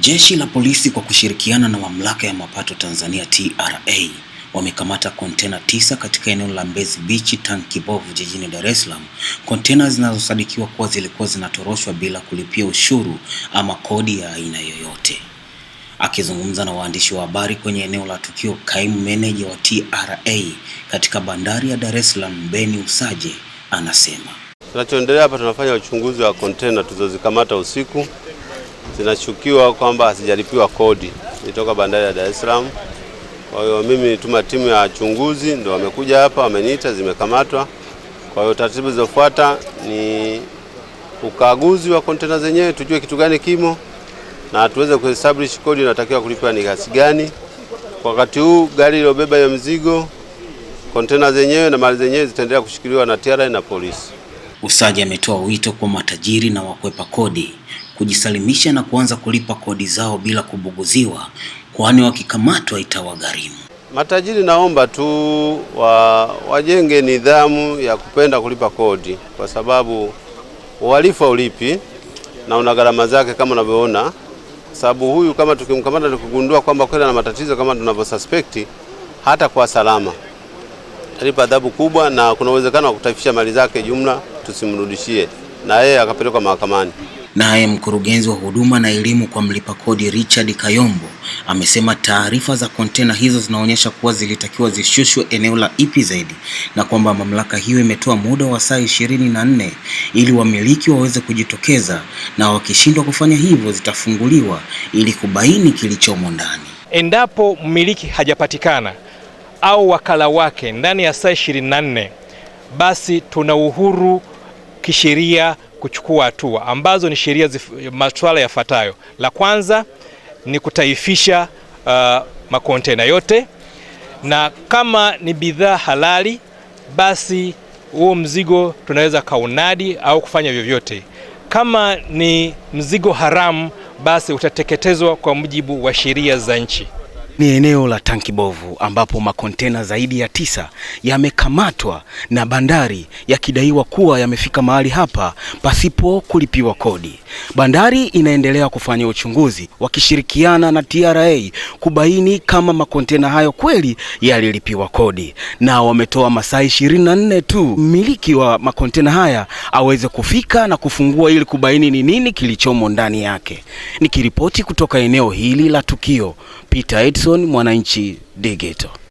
Jeshi la polisi kwa kushirikiana na mamlaka ya mapato Tanzania TRA wamekamata kontena tisa katika eneo la Mbezi Beach bovu jijini Dar es Salaam, kontena zinazosadikiwa kuwa zilikuwa zinatoroshwa bila kulipia ushuru ama kodi ya aina yoyote. Akizungumza na waandishi wa habari kwenye eneo la tukio, kaimu meneja wa TRA katika bandari ya Dar es Salaam Beni Usaje anasema, tunachoendelea hapa tunafanya uchunguzi wa kontena tulizozikamata usiku zinashukiwa kwamba hazijalipiwa kodi kutoka bandari ya Dar es Salaam. Kwa hiyo mimi tuma timu ya wachunguzi ndio wamekuja hapa, wameniita, zimekamatwa. Kwa hiyo taratibu zilizofuata ni ukaguzi wa kontena zenyewe, tujue kitu gani kimo na tuweze kuestablish kodi inatakiwa kulipwa ni kiasi gani. Kwa wakati huu gari iliyobeba hiyo mizigo, kontena zenyewe na mali zenyewe zitaendelea kushikiliwa na TRA na polisi. usaji ametoa wito kwa matajiri na wakwepa kodi kujisalimisha na kuanza kulipa kodi zao bila kubuguziwa, kwani wakikamatwa itawagharimu. Matajiri naomba tu wa, wajenge nidhamu ya kupenda kulipa kodi, kwa sababu uhalifu haulipi na una gharama zake kama unavyoona, sababu huyu kama tukimkamata tukigundua kwamba kwenda na matatizo kama tunavyosuspekti, hata kwa salama talipa adhabu kubwa, na kuna uwezekano wa kutaifisha mali zake jumla, tusimrudishie na yeye akapelekwa mahakamani. Naye mkurugenzi wa huduma na elimu kwa mlipa kodi Richard Kayombo amesema taarifa za kontena hizo zinaonyesha kuwa zilitakiwa zishushwe eneo la ipi zaidi na kwamba mamlaka hiyo imetoa muda wa saa ishirini na nne ili wamiliki waweze kujitokeza na wakishindwa kufanya hivyo zitafunguliwa ili kubaini kilichomo ndani. Endapo mmiliki hajapatikana au wakala wake ndani ya saa 24 basi tuna uhuru kisheria kuchukua hatua ambazo ni sheria masuala yafuatayo. La kwanza ni kutaifisha uh, makontena yote, na kama ni bidhaa halali, basi huo mzigo tunaweza kaunadi au kufanya vyovyote. Kama ni mzigo haramu, basi utateketezwa kwa mujibu wa sheria za nchi. Ni eneo la tanki bovu ambapo makontena zaidi ya tisa yamekamatwa na bandari yakidaiwa kuwa yamefika mahali hapa pasipo kulipiwa kodi. Bandari inaendelea kufanya uchunguzi wakishirikiana na TRA kubaini kama makontena hayo kweli yalilipiwa kodi, na wametoa masaa ishirini na nne tu mmiliki wa makontena haya aweze kufika na kufungua ili kubaini ni nini kilichomo ndani yake. Nikiripoti kutoka eneo hili la tukio, Peter Jason Mwananchi Digital.